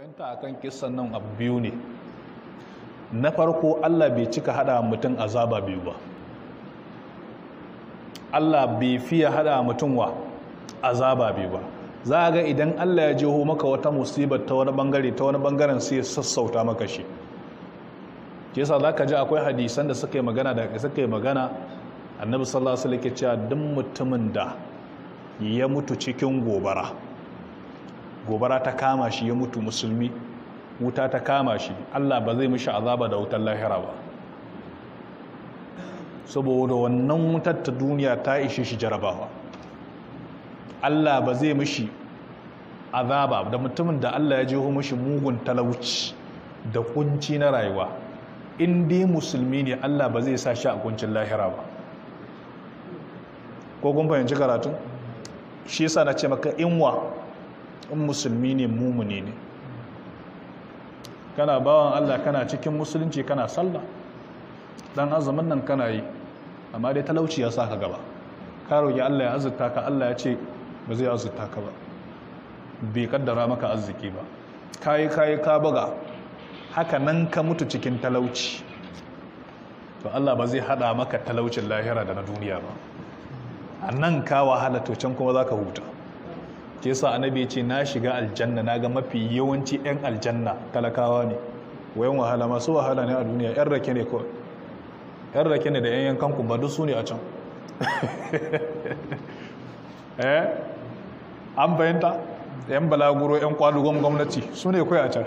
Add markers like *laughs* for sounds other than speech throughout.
fahimta akan kisan nan abu biyu ne na farko Allah bai cika hada mutum azaba biyu ba Allah bai fiye hada mutum wa azaba biyu ba za ga idan Allah ya jeho maka wata musibar ta wani bangare ta wani bangaren sai ya sassauta maka shi ke yasa za ka ji akwai hadisan da suka yi magana da suka yi magana annabi sallallahu alaihi wasallam ke cewa duk mutumin da ya mutu cikin gobara gobara ta kama shi ya mutu musulmi wuta ta kama shi Allah ba zai mishi azaba da wutar lahira ba saboda wannan wutar ta duniya ta ishe shi jarabawa Allah ba zai mishi azaba da mutumin da Allah ya jeho mishi mugun talauci da kunci na rayuwa in dai musulmi ne Allah ba zai sa shi a kuncin lahira ba ko kun fahimci karatu shi yasa na ce maka inwa in musulmi ne mumuni ne kana bawan Allah kana cikin musulunci kana sallah dan azumin nan kana yi amma dai talauci ya ka gaba ka roki Allah ya azurta ka Allah ya ce ba zai azurta ka ba bai kaddara maka arziki ba kayi kayi ka buga haka nan ka mutu cikin talauci to Allah ba zai hada maka talaucin lahira da na duniya ba a nan ka wahala to can kuma za ka huta shi yasa annabi ce na shiga aljanna na ga mafi yawanci yan aljanna talakawa ne wayan wahala masu wahala ne a duniya yan rake ne kawai yan rake ne da yan yankan kuma duk su ne a can *laughs* eh an bayanta yan balaguro yan kwadugon gwamnati su ne kawai a can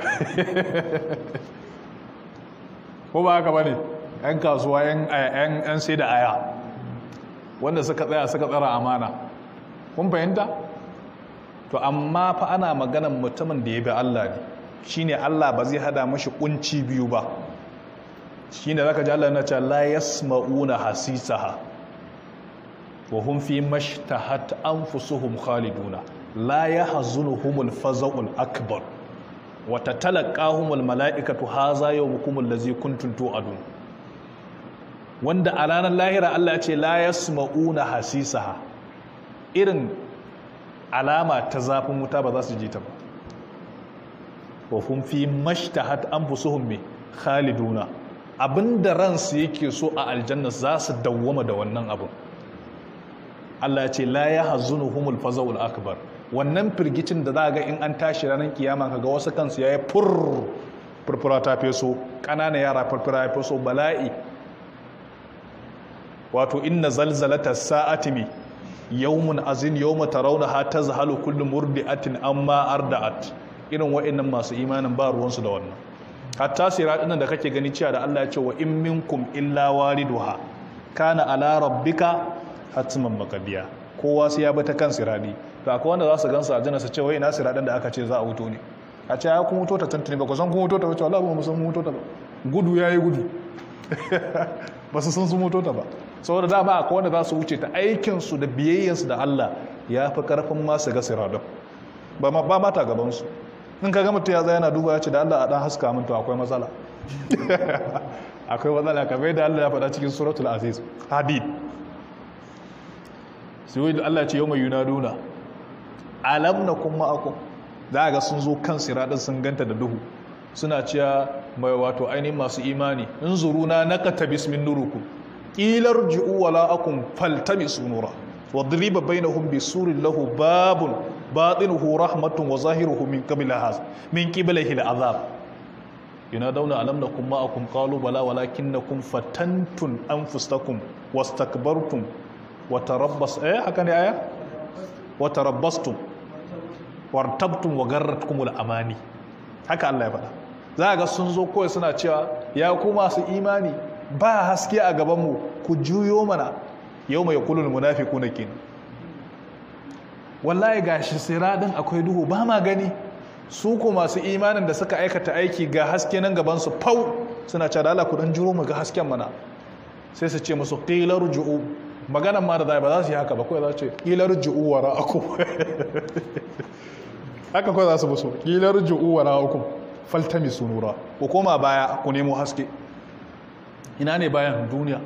*laughs* ko ba haka ba ne yan kasuwa yan sai da aya wanda suka tsaya suka tsara amana kun fahimta to amma fa ana maganan mutumin da ya bi Allah ne shine Allah ba zai hada mashi kunci biyu ba shine zaka ji Allah yana cewa la yasma'una hasisaha wa hum fi mashtahat anfusuhum khaliduna la yahzunuhumul faza'ul akbar wa tatalaqahumul mala'ikatu haza yawmukumul ladzi kuntum tu'adun wanda a ranar lahira Allah ya ce la yasma'una hasisaha irin alama ta zafin wuta ba za su ji ta ba wa hum fi mashtahat anfusuhum me khaliduna abinda ransu yake so a aljanna za su dawwama da wannan abin Allah ce la ya hazunuhumul faza'ul akbar wannan firgicin da za a ga in an tashi ranar kiyama ka ga wasu kansu yayi fur furfura ta feso ƙananan yara furfura ya so bala'i wato inna zalzalata sa'ati yawmun azin yawma tarawnaha tazhalu kullu murdi'atin amma arda'at irin wa'annan masu imanin ba ruwansu da wannan hatta sirat din da kake gani cewa da Allah ya ce wa in minkum illa wariduha kana ala rabbika hatman makabiya kowa sai ya bi ta kan siradi to akwai wanda za su gansu a janna su ce wai ina siradin da aka ce za a wuto ne a ce ya kun wuto ta tantane ba ku san kun wuto ta ba ce wallahi ba mu san mun wuto ta ba gudu yayi gudu *laughs* ba su san sun wuto ta ba saboda dama akwai wanda za su wuce ta aikinsu da biyayyansu da Allah ya fi karfin masu ga siradon ba mata ba ta gabansu in ka gama ya zai yana duba ya ce da Allah a dan haska min to akwai matsala *laughs* akwai matsala kamar da Allah ya faɗa cikin suratul aziz hadid su yi Allah ce yau mai duna alam na kuma ako za ga sun zo kan siradun sun ganta da duhu suna cewa mai wato ainihin masu imani in zuruna naqata bismin nuruku ƙilar ji'u wala akun faltami sunura wadriba bainahum bisurin lahu babun batinuhu rahmatun wa zahiruhu min qablihaz min qiblihi al'azab yunadawna alam nakum kun qalu bala walakinnakum fatantum anfusakum wastakbartum wa tarabbas eh haka ne aya wa tarabbastum wartabtum wa garratkumul amani haka Allah ya faɗa za ga sun zo kawai suna cewa ya ku masu imani ba haske a gabanmu ku juyo mana yau mai kulun munafiku na kenan wallahi gashi siradin akwai duhu ba ma gani su ku masu imanin da suka aikata aiki ga haske nan gabansu fau suna ce ala kudin juro mu ga hasken mana sai su ce musu ƙilar ju'u maganan ma da zai ba za su yi haka ba kawai za su ce ƙilar ju'u wa ra'akun *laughs* haka kawai za su musu qila rujuu wa ra'akum su nura ku koma baya ku nemo haske ina ne bayan duniya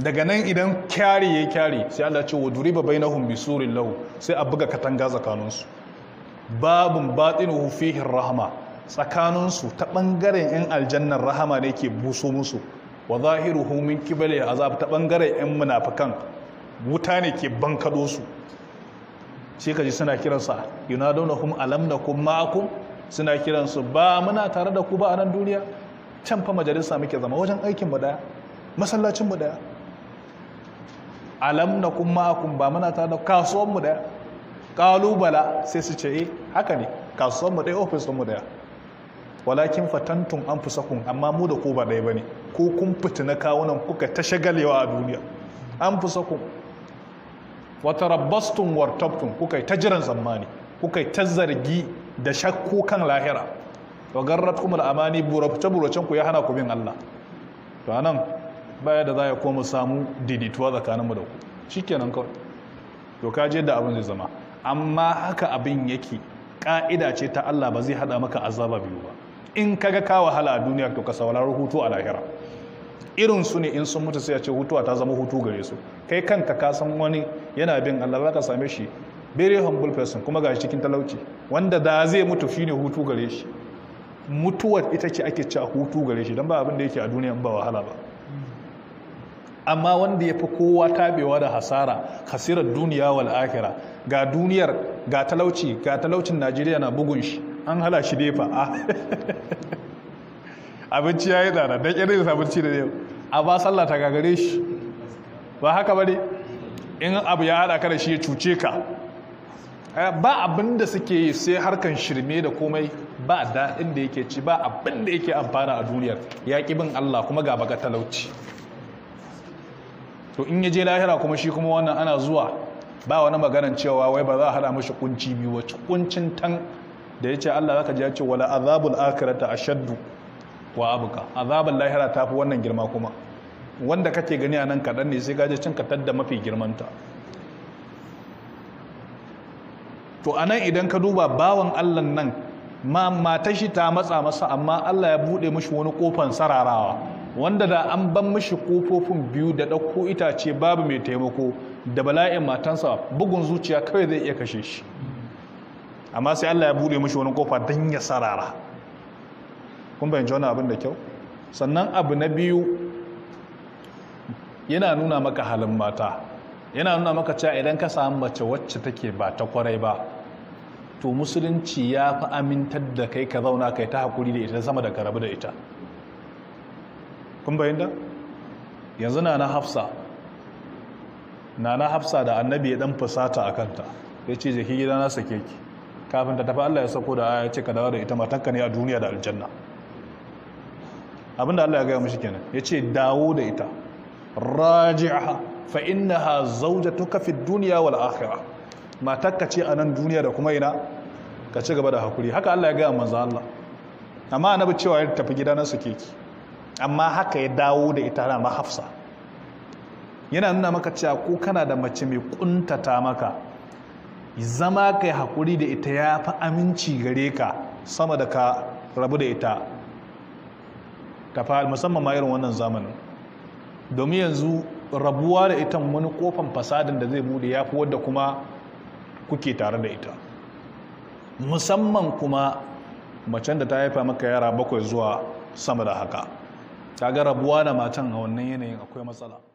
daga nan idan kyari ya kyari sai Allah ce wa duriba hun bisurin lau sai a buga katanga tsakaninsu Babu batsin hufihin rahama tsakaninsu ta bangaren yan aljannan rahama ne ke buso musu wa homin kibale a azab ta bangaren yan munafukan, wuta ne ke bankado su sai ji suna kiransa kuma alamna nakum ma'akum suna kiransu ba muna tare da ku ba a nan duniya can fa majalisa muke zama wajen aikin mu daya masallacin mu daya alam na kun ba muna ta da kasuwan mu daya kalubala sai su ce eh haka ne kasuwan mu da ofis mu daya walakin fatantun an fusakun amma mu da ku ba ba bane ko kun fitina kawunan kuka ta shagalewa a duniya an fusakun wata rabbastun wartabtun kuka yi ta jiran zamani kuka ta zargi da shakko kan lahira wa garrat amani burace buracen ku ya hana ku bin Allah to anan baya da za ya koma samu didituwa tsakaninmu da ku shikenan kawai to ka je da abin zai zama amma haka abin yake ƙa'ida ce ta Allah ba zai hada maka azaba biyu ba in kaga ka wahala a duniya to ka saurari hutu a lahira irin su ne in sun mutu sai a ce hutuwa ta zama hutu gare su kai kanka ka san wani yana bin Allah za ka same shi very humble person kuma ga cikin talauci wanda da zai mutu shine hutu gare shi mutuwar ita ce ake ci a hutu gare shi don ba abin da yake a duniya ba wahala ba amma wanda ya fi kowa tabewa da hasara hasirar duniya wal akhira ga duniyar ga talauci ga talaucin najeriya na bugun shi an hala shi fa a ah. *laughs* abinci ya yi tsada don irin abinci da yau a ba sallah ta gagare shi ba haka ba ne in abu ya haɗa ka da shi ya cuce ka Eh, ba abinda suke yi sai harkan shirme da komai ba daɗin da yake ci ba abinda yake amfana a duniyar ya ƙi bin Allah kuma ga baka talauci to in yaje lahira kuma shi kuma wannan ana zuwa ba wani maganan cewa wai ba za a hada mashi kunci biyu wacce kuncin tan da ya ce Allah zaka ji ya ce wala azabul akhirata ashaddu wa abuka azabul lahira tafi wannan girma kuma wanda kake gani a nan kaɗan ne sai ka je cin ka da mafi girmanta to anan idan ka duba bawan allan nan ma shi ta matsa masa amma Allah ya bude mashi wani kofan sararawa wanda da an ban mashi kofofin biyu da ɗauko itace babu mai taimako da bala'in matansa bugun zuciya kawai zai iya kashe shi amma sai Allah ya bude mashi wani kofa don ya sarara kun bayanci jona abin da kyau sannan abu na biyu yana nuna maka halin mata yana nuna maka cewa idan ka samu mace wacce take ba ta kwarai ba to musulunci ya fi amintar da kai ka zauna kai ta hakuri da ita sama da ka rabu da ita kun bayan da? yanzu na na hafsa na na hafsa da annabi ya dan fusata a kanta ya ce jiki gida na sake ki kafin ta tafi Allah ya sako da aya ce ka dawo da ita matakka ne a duniya da aljanna abinda Allah ya gaya mashi kenan ya ce dawo da ita raji'a fa innaha zawjatuka duniya wa wal akhirah ka ce a nan duniya da kuma ina ka ci gaba da hakuri haka Allah ya gaya manzo Allah amma bi cewa ya tafi gidanan su ki. amma haka ya dawo da ita na mahafsa yana nuna maka cewa ko kana da mace mai kuntata maka zama ka yi hakuri da ita ya fi aminci gare ka sama da ka rabu da ita ta musamman ma irin wannan zamanin domin yanzu rabuwa da ita wani kofan fasadin da zai bude ya fi wadda kuma kuke tare da ita musamman kuma macen da ta haifa maka yara bakwai zuwa sama da haka ta ga rabuwa da matan a wannan yanayin akwai matsala